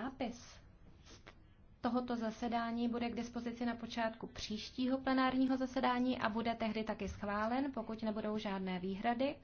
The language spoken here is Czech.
Zápis z tohoto zasedání bude k dispozici na počátku příštího plenárního zasedání a bude tehdy taky schválen, pokud nebudou žádné výhrady.